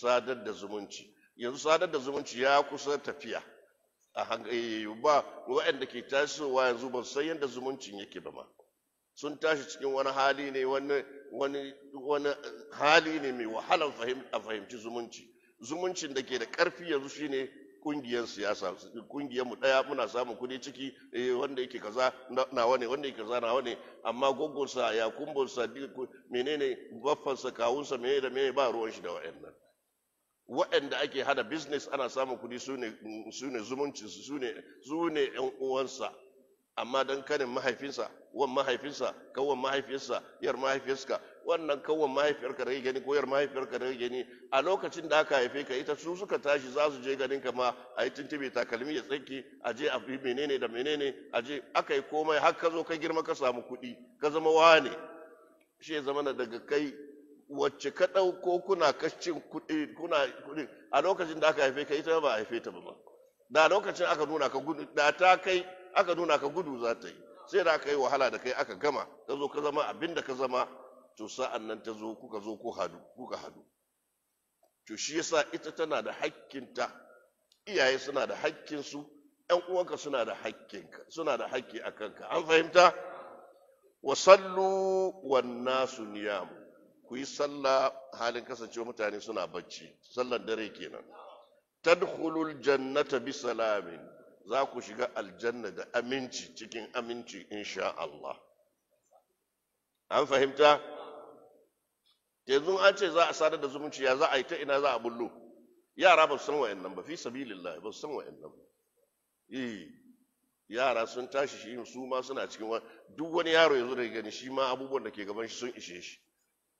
sadar da zumunci yanzu sadar da zumunci ya kusa tafiya a eh, ba waɗanda ke tasowa yanzu ban san yadda zumuncin yake ba ma sun tashi cikin wani hali ne wani wani wani eh, hali ne mai wahalar a fahimci zumunci zumuncin da ke da ƙarfi yanzu shine kungiyar siyasa kungiyar mu daya muna samun kuɗi ciki eh, wanda yake kaza nawa ne wanda yake kaza nawa ne amma gogonsa ya kumbonsa menene baffansa kawunsa menene da menene ba ruwan shi da wa'annan waɗanda ake hada business ana samun kuɗi su ne zumuncinsu su ne ‘yan uwansa amma don kanin mahaifinsa wan mahaifinsa kawon mahaifinsa yar mahaifinsa wannan kawon mahaifiyarka rage gani ko yar mahaifiyarka rage gani a lokacin da aka haife ka ita su suka tashi za su je ganin ka ma a yi tuntube takalmi ya tsaki a je a bi menene da menene a je aka yi komai har ka zo ka girma ka samu kuɗi ka zama wane shi ya zama daga kai wacce ka ɗauko kuna kashin kuɗi kuna kuɗi a lokacin da aka haife ka ita ba a haife ta ba da lokacin aka nuna ka gudu da ta kai aka nuna ka gudu za ta yi sai da aka yi wahala da kai aka gama ka zo ka zama abin da ka zama to sa'an nan ta zo kuka zo ko hadu kuka hadu to shi yasa ita tana da hakkinta iyaye suna da su, ‘yan uwanka suna da hakkinka suna da hakki a kanka an fahimta wa sallu wan nasu niyamu ku yi sallah halin kasancewa mutane suna bacci sallar dare kenan tadkhulul jannata bi salamin za ku shiga aljanna da aminci cikin aminci insha Allah an fahimta yanzu an ce za a sadar da zumunci ya za a yi ta ina za a bullo yara ba su san nan ba fi sabilillah ba san wa'annan ba eh yara sun tashi shi su ma suna cikin duk wani yaro yanzu da gani shi ma abubuwan da ke gaban shi sun ishe shi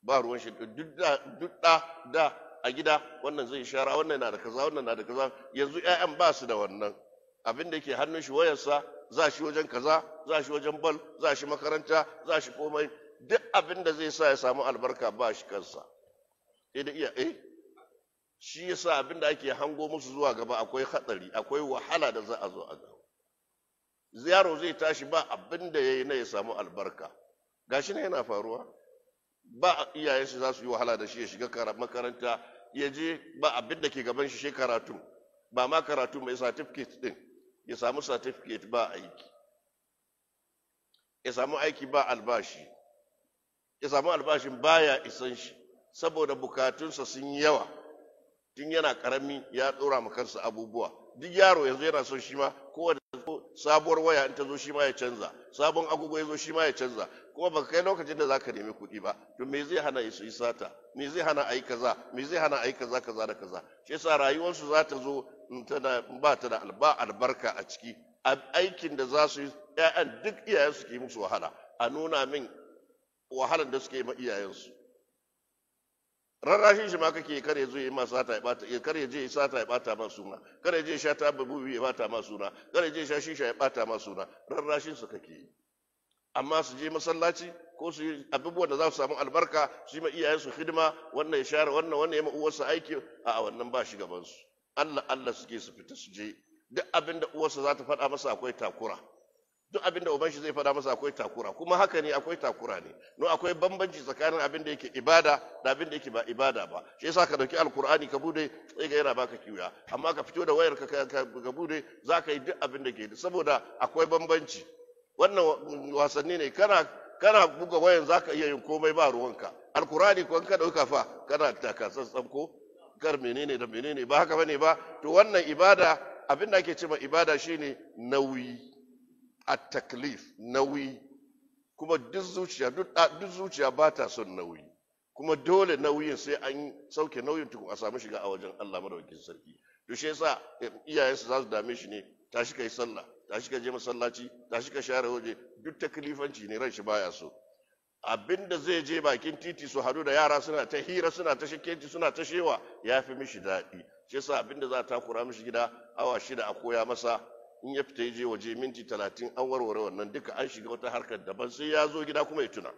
ba ruwan shi duk da da a gida wannan zai shara wannan na da kaza wannan na da kaza yanzu ƴaƴan ba su da wannan abin da yake hannun shi wayarsa za shi wajen kaza za shi wajen bal za shi makaranta za shi komai duk abin da zai sa ya samu albarka ba shi kansa sai da iya eh shi yasa abin da ake hango musu zuwa gaba akwai hatsari akwai wahala da za a zo a gaba yaro zai tashi ba abin da ya yi na ya samu albarka gashi ne yana faruwa ba iyayen za su yi wahala da shi ya shiga makaranta ya je ba abin da ke gaban shi shi karatu ba ma karatu mai certificate din ya samu certificate ba aiki ya samu aiki ba albashi ya samu albashin baya isan shi saboda bukatunsa sun yi yawa tun yana karami ya tsora ma kansa abubuwa duk yaro yanzu yana son shi ma kowane sabuwar waya in ta zo shi ma ya canza sabon agogo ya zo shi ma ya canza kuma baka kai lokacin da za ka nemi kuɗi ba to me zai hana su yi sata me zai hana yi kaza me zai hana yi kaza kaza da kaza shi yasa rayuwarsu za ta zo ba ta da alba albarka a ciki a aikin da za su yi 'ya'yan duk iyayensu ke musu wahala a nuna min wahalar da suke ma iyayensu rarrashin shi ma kake kare ya zo yi ma sata ya bata ya kare je ya sata ya bata ma suna kare je ya sha ta babu ya bata ma suna kare je ya sha shisha ya bata ma suna rarrashin su kake yi amma su je masallaci ko su yi abubuwan da za su samu albarka su yi ma iyayen su hidima wannan ya share wannan wannan ya ma uwarsa aiki a wannan ba shi gaban su Allah Allah suke su fita su je duk abin da uwarsa za ta faɗa masa akwai takura duk abin da uban shi zai faɗa masa akwai takura kuma haka ne akwai takura ne no akwai bambanci tsakanin abin da yake ibada da abin da yake ba ibada ba shi yasa ka dauki alkur'ani ka bude sai ga yana baka kiwa amma ka fito da wayar ka ka bude za ka yi duk abin da ke saboda akwai bambanci wannan wasanni ne kana kana buga wayan za ka iya yin komai ba ruwanka alkur'ani ko ka dauka fa kana takatsantsan ko kar menene da menene ba haka bane ba to wannan ibada abin da ake cewa ibada shine nauyi a taklif nauyi kuma duk zuciya duk zuciya ba ta son nauyi kuma dole nauyin sai an sauke nauyin tukun a samu shiga a wajen Allah madaukakin sarki to shi yasa eh, iyayensu za su dame shi ne tashi kai sallah tashi ka je masallaci tashi ka share waje duk taklifanci ne ran shi baya so abinda zai je bakin titi su hadu da yara suna ta hira suna ta shakenci suna ta shewa ya fi mishi daɗi shi yasa abinda za ta kura mishi gida awa shida a koya masa in ya fita ya je waje minti talatin an warware wannan duka an shiga wata harkar daban sai ya zo gida kuma ya tuna